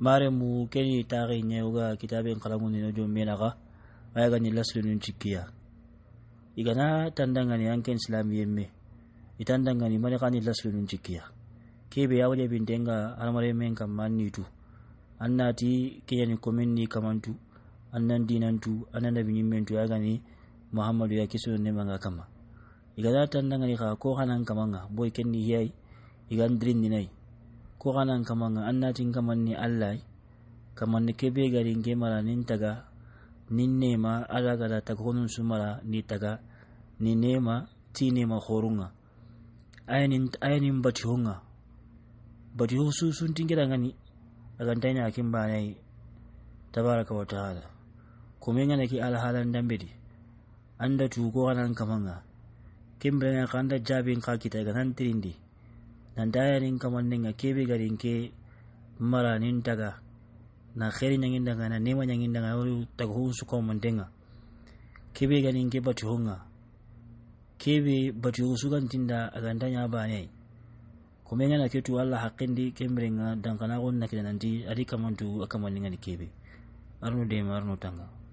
mare mu keni tare nyeuga kitabe kalamu ni nojo menaga ga ni lasu nun cikkiya igana ni yanken islam yemme itandangani mane kani lasri nun cikkiya kebe bin denga almare men kam tu annati keyani komin ni kamantu annan dinantu annan nabi nyimmentu yaga ni muhammadu ya kisu ne manga kama igana ni ka ko hanan kamanga boy kenni hiyai igan drin ni nai ko kanan kaman annatin kaman ni Allah kaman ni kebe garin ke mara nin taga nin nema ala gada ta konun su mara ni taga ni nema ti nema horunga ayanin ayanin bati hunga bati su sun tingira ngani agan tanya akin nai tabaraka wa ta'ala kuma yana ki alhalan dambe di anda tugo kanan kaman ga kimbe kan da jabin ka kita nan tirindi nan tayarin kamandenga kebe garinke maranin daga na kheri nyangin daga na nema nyangin daga yoru taga hun su kamandenga kebe garinke bati hunga kebe bati hun su da gantinda agantanya bane kuma yana ketu Allah haqqin di kemrenga dankana gonna kidananti adi kamantu akamanninga ni kebe arnu de marnu tanga